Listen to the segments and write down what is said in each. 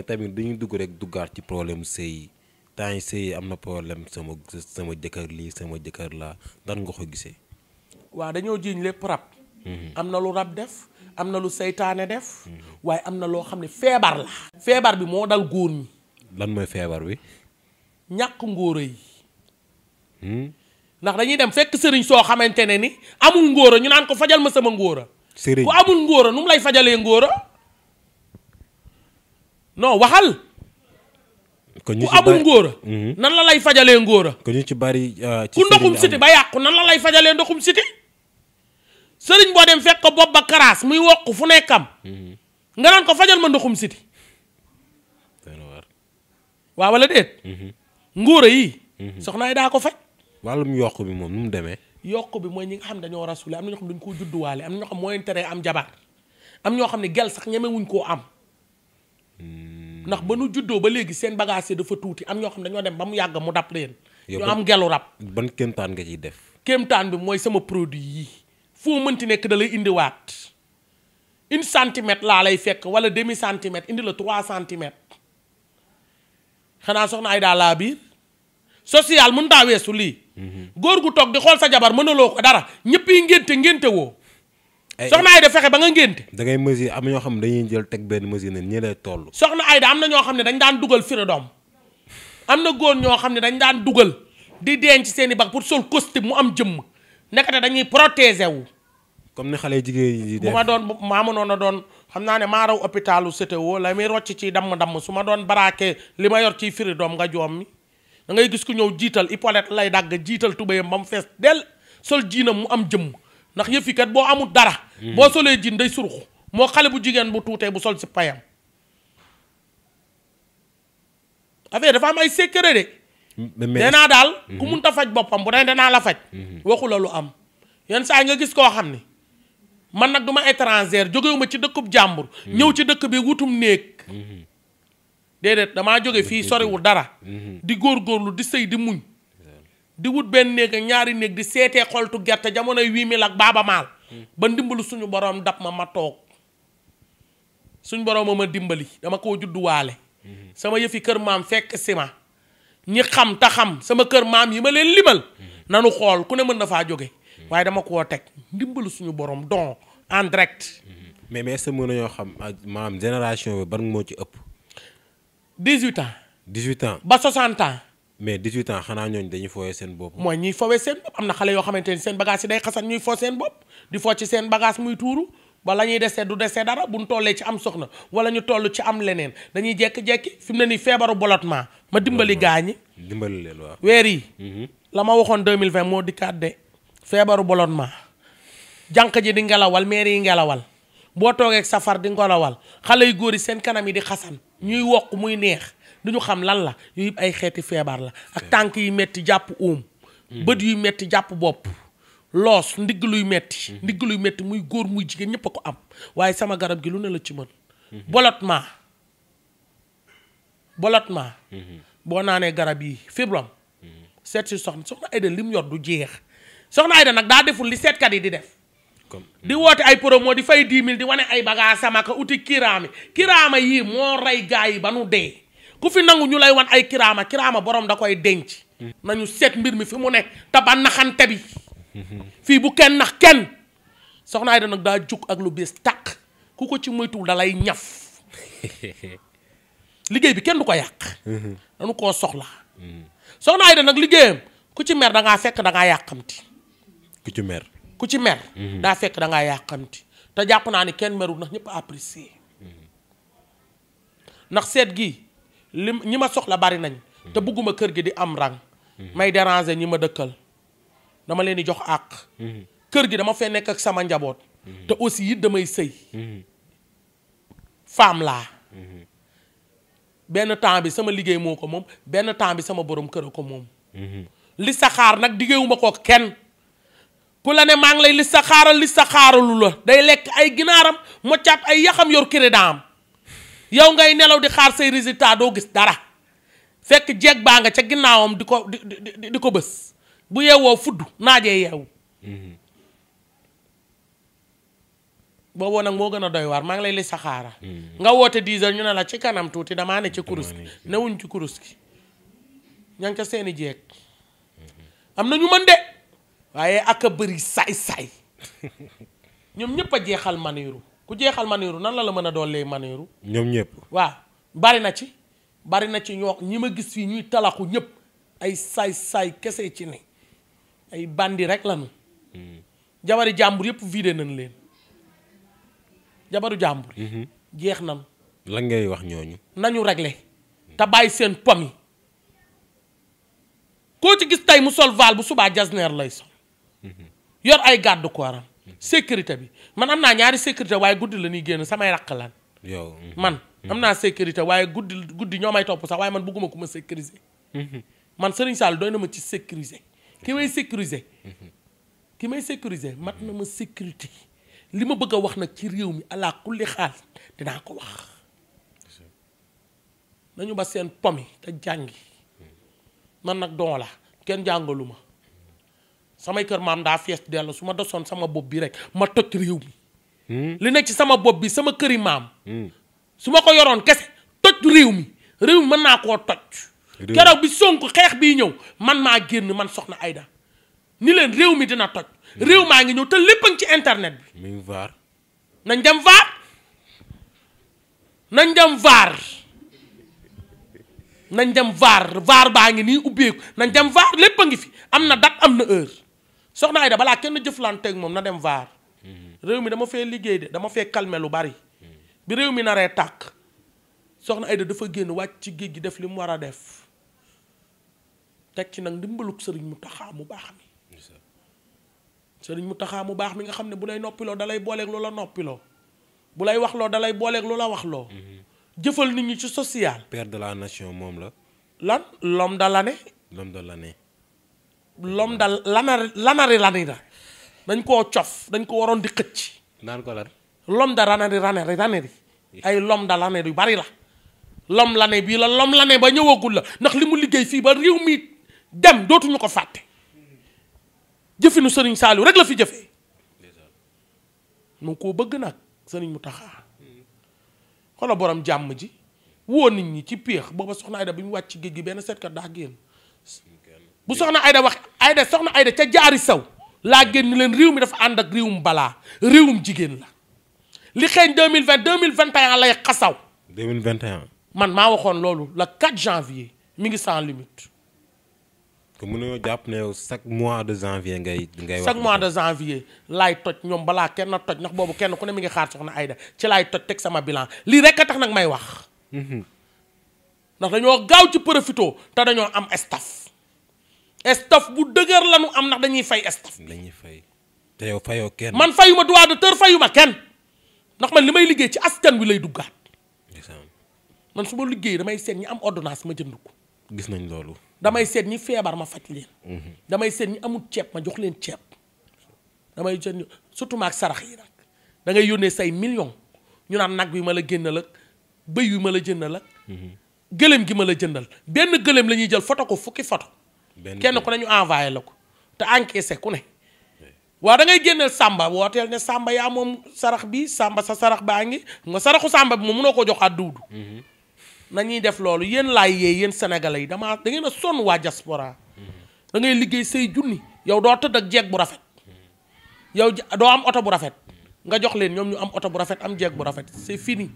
mais tamit dañuy dugg rek duggaat ci problème sëy yi temps yi sëy yi am na problème sama sama jëkkër lii sama jëkkër laa dan nga ko gisee. waaw dañoo jiiñ lépp rab. Mhm. am na lu rab def am na lu seytaane def. Mhm. waaye am na loo xam ne feebar la. feebar bi moo dal góor ñi. lan mooy feebar bi. ñàkk ngóora yi. Hmm? ndax dañuy dem fekk sëriñ soo xamante ne ni amul ngóora ñu naan ko fajal ma sama ngóora. sëriñ bu amul ngóora nu mu lay fajalee ngóora. non waxal. kon ñu ci ku amul ngóora. Mhm. lay fajalee ngóora. kon ñu ci bari euh, ci ku ndoxum siti ba yàqu nan la lay fajalee ndoxum siti sëriñ boo dem fekk ko bopp ba karaas muy wokk fu nekkam. Mhm. nga naan ko fajal ma ndoxum siti waaw wala déet. Mhm. ngóora yi. soxnaay daa ko faj. wàllum yokk bi moom nu mu demee. yokk bi mooy ñi am xam dañoo rasule am na ñoo xam dañ koo judduwaale am na ñoo xam am jabar am ñoo xam ne gel sax ñeme koo am. Hmm. ndax ba nu juddoo ba léegi seen bagage dafa tuuti am ñoo xam dañoo dem ba mu yàgg mu dab leen. ñu am gelu rab. ban kéemtaan nga ciy def. kéemtaan bi mooy sama produit yi foo mënti nekk da lay indiwaat une centimètre laa lay fekk wala demi centimètre indi la trois centimètres xanaa soxna ay daal laa social mun taa weesu lii. Mhm. góor gu toog di xool sa jabar mënaloo ko dara ñëpp yi ngénte ngénte woo. Eh, soxna Ayda fexe ba nga ngénte dangay ngay am ñoo xam ne dañuy jël teg benn mesure ne ñi lay toll soxna Ayda am na ñoo xam ne dañ daan dugal firidoom am na góor ñoo xam ne dañ daan dugal di denc seen i bag pour sol costume mu am jëmm nekkate dañuy protéger wu comme ni xale jigéen yi di def bu ma doon maa mënoon a doon xam naa ne maa raw hôpitalu CTO la muy rocc ci dam damm su ma doon baraakee li ma yor ciy firidoom nga joom mi da ngay gis ku ñëw jiital Hippolyte lay dagg jiital tubéyam ba mu del sol jiinam mu am jëmm ndax yëfi kat boo amul dara. Hmm. boo solee jin day surux moo xale bu jigéen bu tuutee bu sol si payam. affaire dafa am ay secret de. nee naa daal hmm. ku mun ta faj boppam bu ne danaa la faj. Hmm. waxula lu am yenn saa nga gis koo xam ni man nag du ma étranger jógewuma ci dëkkub jàmbur. ñëw ci dëkk bi wutum néeg. déedéet damaa jóge fii soriwul dara. di góor góorlu di sëy di muñ. di wut benn néeg ak ñaari néeg di seetee xoltu gerte jamonoy huit mille ak baaba maal ba ndimbalu suñu borom daf ma ma toog suñu borom ma dimbali dama koo judduwaale sama yëfi kër maam fekk si ma ñi xam ta xam sama kër maam yi ma leen limal nanu xool ku ne mën na faa jóge waaye dama koo teg ndimbalu suñu borom donc en direct. mais mais sa mën nañoo xam maanaam génération bi ban moo ci ëpp. dix huit ans. dix huit ans ba soixante ans. mais 18 ans xanaa ñooñu dañuy fooyee seen bopp. mooy ñuy fowee seen bopp am na xale yoo xamante ni seen bagage yi day xasan ñuy fo seen bopp di fo ci seen bagage muy tuuru ba la ñuy desee du desee dara bu ñu tollee ci am soxna wala ñu toll ci am leneen dañuy jékki-jékki fi mu ne nii feebaru bolotement ma dimbali gaa ñi. dimbali leen waaw weer yi. Mhm. la ma waxoon deux mille 2020 moo dikkaat de feebaru bolotement jànq ji di ngelawal meer yi ngelawal boo toogee safar di ngelawal xale yu góor yi seen kanam yi di xasan ñuy wokk muy neex. du ñu xam lan la yu ay xeeti feebar la ak tànk yi metti jàpp óom hmm. bët yuy metti jàpp bopp loos ndigg luy metti hmm. ndigg luy metti muy góor muy jigéen ñépp a ko am waaye sama garab gi lu ne la ci mën bolotement hmm. bolotement boo naanee garab yi fibrom seet si soxna soxna Aida li mu yor du jeex soxna Aida nag daa deful li seetkat yi di def di woote ay poromo di fay 10 000 di wane ay bagage sama ka uti kiraami kiiraama yii moo rey gaa yi ba nu dee ku fi nangu ñu lay wan ay kiraama kiraama borom da koy denc. nañu seet mbir mi fi mu ne te ba naxante bi. fii bu kenn nax kenn soxna Aida nag daa jug ak lu bees tàq ku ko ci moytuwul da lay ñaf liggéey bi kenn du ko yàq. Mhm. dañu koo soxla. soxna Aida nag liggéeyam ku ci mer da ngaa fekk da ngaa yàqamti. ku ci mer ku ci mer. Mhm. daa fekk da yàqamti te jàpp naa ni kenn merul ndax ñëpp apprécier mhm. ndax seet gi. li ñi ma soxla bari nañ te hmm. bëgguma kër gi di am rang hmm. may déranger ñi ma dëkkal dama leen di jox àq hmm. kër gi dama fee nekk ak sama njaboot te aussi it damay sëy femme laa benn temps bi sama liggéey moo ko moom benn temps bi sama borom kër a ko moom li saxaar nag diggéewuma ko kenn ku la ne maa ngi lay li saxaaral li saxaaralu la day lekk ay ginaaram moccaat ay yaxam yor crédit am yow ngay nelaw di xaar say résultat doo gis dara fekk jeeg baa nga ca ginnaawam di ko di di di ko bës bu yeewoo fudd naajee yeewu. Mm-hmm. booboo nag moo gën a doy waar maa ngi lay li saxaara mm-hmm. nga woote 10 ñu ne la ci kanam tuuti damaa ne ci kurus gi newuñ ci kurus gi ña ngi ca seeni jeeg mm-hmm. am na ñu mën de waaye ak a bëri saay-saay ñoom ñëpp a jeexal maniru bu jeexal maniru nan la la mën a doolee maniru ñoom ñëpp waa bari na ci bari na ci ñoo ñi ma gis fii ñuy talaxu ñëpp ay saay-saay kese ci ne ay bandi rek lañu hmm. jabari jàmbur yëpp vidé nañ leen jabaru jàmbur mm-hmm. jeex nañ lan ngay wax ñooñu nañu réglé te bàyyi seen pomi koo ci gis tey mu sol vaal bu subaa jasneer lay sol mm-hmm. yor ay gàddu kooram sécurité bi man am naa ñaari sécurité waaye guddi la ñuy génn samay raq lan man mm-hmm. am naa sécurité waaye guddi guddi ñoo may topp sax waaye man bugguma ku ma sécuriser mm-hmm. man Serigne Sall doy na ma ci sécuriser ki may sécuriser mm-hmm. ki may sécuriser mat na ma sécurité li ma bëgg a wax nag ci réew mi ala kulli xaal dinaa ko wax nañu ba seen pomi te jàngi man nag doola kenn jàngalu ma samay kër maam daa fees dellu su ma dosoon sama bopp bi rek ma toj réew mi li nekk ci sama bopp bi sama këri maam hmm. su ma ko yoroon kese toj réew mi réew mi mën naa koo toj keroog bi Sonko xeex bii ñëw man maa génn man soxna Aida ni leen réew mi dina toj hmm. réew maa ngi ñëw te lépp a ngi ci internet bi muy vaar nañ dem vaar nañ dem vaar nañ dem vaar vaar baa ngi nii ubbeeku nañ dem vaar lépp a ngi fi am na date am na heure soxna Aida balaa kenn jëflanteek moom na dem vaar réew mi dama fee liggéey de dama fee calmer lu bari bi réew mi naree tàkk soxna Aida dafa génn wàcc ci géej gi def li mu war a def teg ci nag ndimbalug sëriñ mu taxaa mu baax mi sëriñ mu taxaa mu baax mi nga xam ne bu lay noppiloo dalay booleeg lu la noppiloo bu lay waxloo dalay booleeg lu la waxloo mm-hmm. jëfal nit ñi ci social. père de la nation moom la. lan lom dala l'année. l'homme de l'année. lom dal lanari lanari lanira dañ koo cof dañ ko waroon di xëcc. naan ko lan lom da lanari lanari lanari ay lom da lanari yu bari la. lom lane bii la lom lane ba ñëwagul la ndax li mu liggéey fii ba réew mi dem dootuñu ko fàtte jëfinu sëriñ Saliou rek la fi jëfee mu ko bëgg nag sëriñ Mountakha xoolal borom jàmm ji woo nit ñi ci péex booba soxna Ayda bi mu wàcc ci géej gi benn seetkat daa génn bu soxna Ayda wax Aida soxna Aida ca jaari saw laa génn leen réew mi dafa ànd ak réewum balaa réewum jigéen la li xeeñ 2020 2021 lay xasaw. man maa waxoon loolu le 4 janvier mi ngi sans limite. que mënoo jàpp ne yow chaque mois de janvier ngay ngay. chaque mois de janvier laay toj ñoom balaa kenn toj ndax boobu kenn ku ne mi ngi xaar soxna Aida ci laay toj teg sama bilan lii rek a tax nag may wax. Mhm. ndax dañoo gaaw ci profito te dañoo am staff. staf bu dëgër la nu am ndax dañuy fay staf bi. dañuy fay te yow fayoo kenn. man fayuma droit d'auteur fayuma kenn ndax man li may liggéey ci askan wi lay duggaat. man su ma liggéey damay seet ñi am ordonnance ma jënd gis nañ loolu. damay seet ñi feebar ma faj leen. Mhm. damay seet ñi amul ceeb ma jox leen ceeb. damay jënd surtout maak sarax yi nag da yónnee say million ñu naan nag bi ma la génnal ak bëy wi ma la jëndal ak. Mhm. gëlëm gi ma la jëndal benn gëlëm lañuy jël foto ko fukki foto. kenn ko ne ñu envoyé la ko te encaissé ku ne. waaw da ngay génneel sàmba wooteel ne sàmba yaa moom sarax bi sàmba sa sarax baa ngi nga saraxu sàmba bi moom mënoo ko jox àdduudu mhm. nañuy def loolu yéen laay yee yéen sénégalais yi damaa da ngeen a sonn waa diaspora mhm. da ngay liggéey say junni yow doo tëdd ak jeeg bu rafet mhm. yow doo am oto bu rafet nga jox leen ñoom ñu am oto bu rafet am jeeg bu rafet c'est fini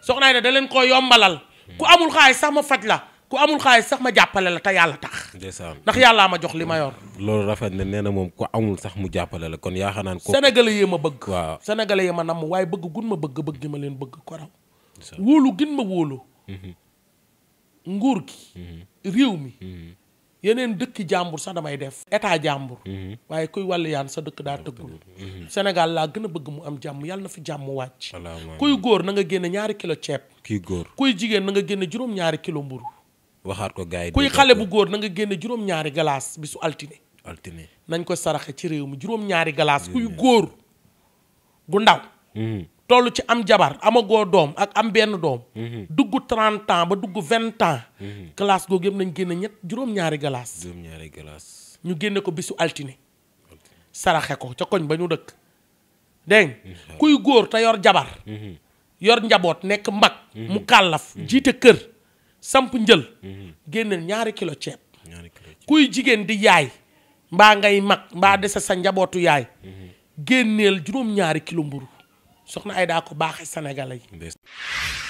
soxnaay ne da leen ko yombalal ku amul xaalis sax faj la ku amul xaalis sax ma jàppale la te yàlla tax. ndax yàllaa ma jox li ma yor. loolu rafet na nee na moom ku amul sax mu jàppale la kon yaakaar naa ne. sénégalais yee ma bëgg. waaw sénégalais ma nam waaye bëgg gun ma bëgg bëgg ma leen bëgg ko raw. wóolu gin ma wóolu. Mhm. nguur gi. Mhm. réew mi. Mhm. yeneen dëkk jàmbur sax damay def état jàmbur waaye kuy wàllu yaan sa dëkk daa tëggul senegal laa gën a bëgg mu am jàmm yàlla na fi jàmm wàcc kuy góor nanga nga ñaari kilo ceeb kuy góor kuy jigéen na nga génne juróom ñaari kilo mburu waxaat ko yi kuy xale bu góor nanga nga génne juróom-ñaari galaas bi su altine. nañ ko saraxe ci réew mi juróom-ñaari galaas kuy góor gu ndaw. Mm-hmm. tollu ci am jabar amagoo doom ak am benn doom. Mm-hmm. dugg trente ans ba dugg vingt ans. Mm-hmm. galaas googu yëpp nañ génne ñett juróom-ñaari galaas. juróom ñu génne ko bisu altine. saraxe ko ca koñ ba ñu dëkk. dégg kuy góor te yor jabar. yor njaboot nekk mag. mu kàllaf jiite kër. samp njël. Mhm. génneel ñaari kilo ceeb. kuy jigéen di yaay mbaa ngay mag mbaa desa sa njabootu yaay. Mhm. génneel juróom ñaari kilo mburu soxna ay daa ko baaxe Sénégalais yi.